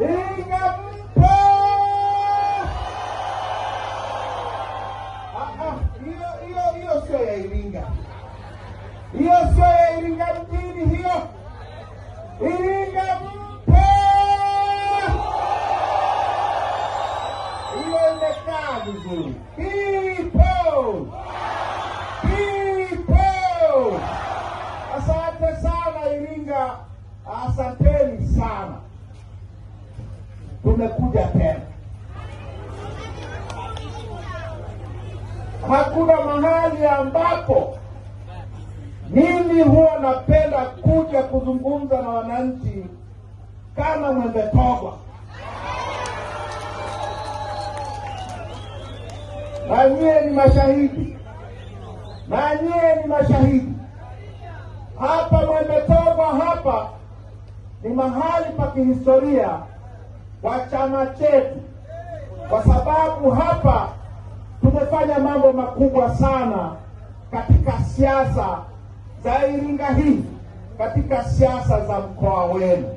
inampa hiyo sio sio ya Iringa mjini, Iringa mpe Asante sana Iringa, asanteni sana tumekuja tena. Hakuna mahali ambapo mimi huwa napenda kuja kuzungumza na wananchi kama Mwembetogwa. Na nyie ni mashahidi, na nyie ni mashahidi. Hapa Mwembetogwa hapa ni mahali pa kihistoria wa chama chetu, kwa sababu hapa tumefanya mambo makubwa sana katika siasa za Iringa hii, katika siasa za mkoa wenu.